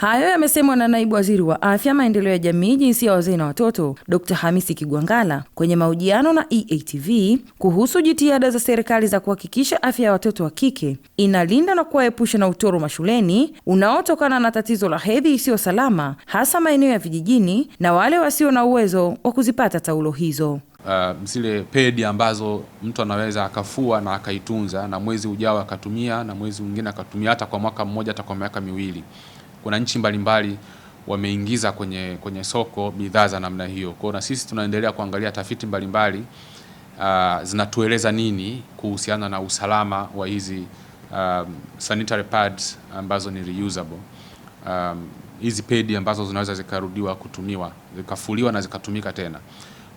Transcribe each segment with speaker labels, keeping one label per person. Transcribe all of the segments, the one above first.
Speaker 1: Hayo yamesemwa na naibu waziri wa afya, maendeleo ya jamii, jinsia ya wazee na watoto, Dr Hamisi kigwangala kwenye mahojiano na EATV kuhusu jitihada za serikali za kuhakikisha afya ya watoto wa kike inalinda na kuwaepusha na utoro mashuleni unaotokana na tatizo la hedhi isiyo salama, hasa maeneo ya vijijini na wale wasio na uwezo wa kuzipata taulo hizo.
Speaker 2: Uh, zile pedi ambazo mtu anaweza akafua na akaitunza na mwezi ujao akatumia na mwezi mwingine akatumia hata kwa mwaka mmoja hata kwa miaka miwili kuna nchi mbalimbali wameingiza kwenye, kwenye soko bidhaa za namna hiyo. Kwa na sisi tunaendelea kuangalia tafiti mbalimbali uh, zinatueleza nini kuhusiana na usalama wa hizi um, sanitary pads ambazo ni reusable um, hizi pedi ambazo zinaweza zikarudiwa kutumiwa zikafuliwa na zikatumika tena.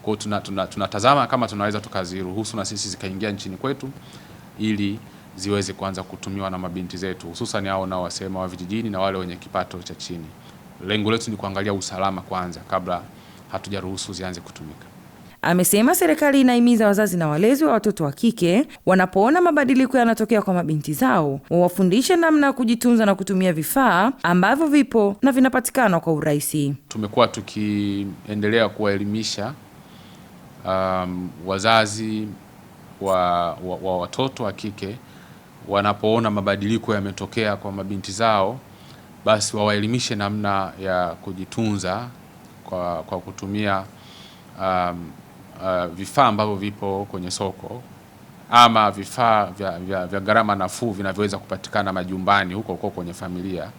Speaker 2: Kwa tunatazama tuna, tuna kama tunaweza tukaziruhusu na sisi zikaingia nchini kwetu ili ziweze kuanza kutumiwa na mabinti zetu, hususan hao nao wasema wa vijijini na wale wenye kipato cha chini. Lengo letu ni kuangalia usalama kwanza kabla hatujaruhusu zianze kutumika.
Speaker 1: Amesema serikali inahimiza wazazi na walezi wa watoto wa kike wanapoona mabadiliko yanatokea kwa mabinti zao wawafundishe namna ya kujitunza na kutumia vifaa ambavyo vipo na vinapatikana kwa urahisi.
Speaker 2: Tumekuwa tukiendelea kuwaelimisha um, wazazi wa, wa, wa watoto wa kike wanapoona mabadiliko yametokea kwa mabinti zao, basi wawaelimishe namna ya kujitunza kwa, kwa kutumia um, uh, vifaa ambavyo vipo kwenye soko ama vifaa vya, vya, vya gharama nafuu vinavyoweza kupatikana majumbani huko huko kwenye familia.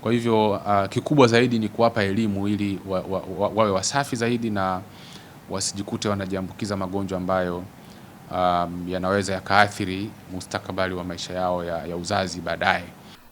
Speaker 2: Kwa hivyo uh, kikubwa zaidi ni kuwapa elimu ili wa, wa, wa, wawe wasafi zaidi na wasijikute wanajiambukiza magonjwa ambayo um, yanaweza yakaathiri mustakabali wa maisha yao ya, ya uzazi baadaye.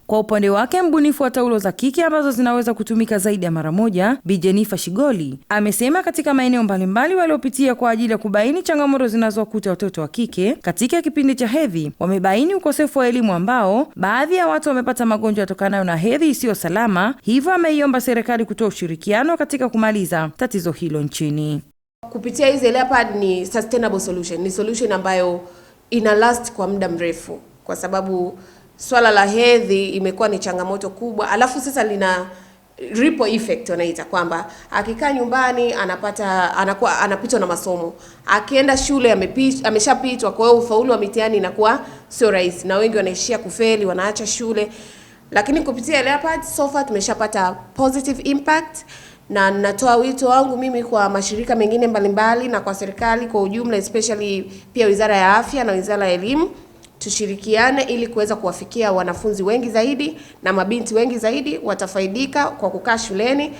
Speaker 1: Kwa upande wake mbunifu wa taulo za kike ambazo zinaweza kutumika zaidi ya mara moja, Bi Jenifa Shigoli amesema katika maeneo mbalimbali waliopitia kwa ajili ya kubaini changamoto zinazowakuta watoto wa kike katika kipindi cha hedhi, wamebaini ukosefu wa elimu ambao baadhi ya watu wamepata magonjwa yatokanayo na hedhi isiyo salama. Hivyo ameiomba serikali kutoa ushirikiano katika kumaliza tatizo hilo nchini
Speaker 3: kupitia hizi Leopard ni sustainable solution, ni solution ambayo ina last kwa muda mrefu, kwa sababu swala la hedhi imekuwa ni changamoto kubwa, alafu sasa lina ripple effect wanaita kwamba akikaa nyumbani anapata anakuwa anapitwa na masomo, akienda shule ameshapitwa. Kwa hiyo ufaulu wa mitihani inakuwa sio rahisi, na wengi wanaishia kufeli, wanaacha shule. Lakini kupitia Leopard so far tumeshapata positive impact na natoa wito wangu mimi kwa mashirika mengine mbalimbali na kwa serikali kwa ujumla, especially pia Wizara ya Afya na Wizara ya Elimu tushirikiane ili kuweza kuwafikia wanafunzi wengi zaidi na mabinti wengi zaidi watafaidika kwa kukaa shuleni.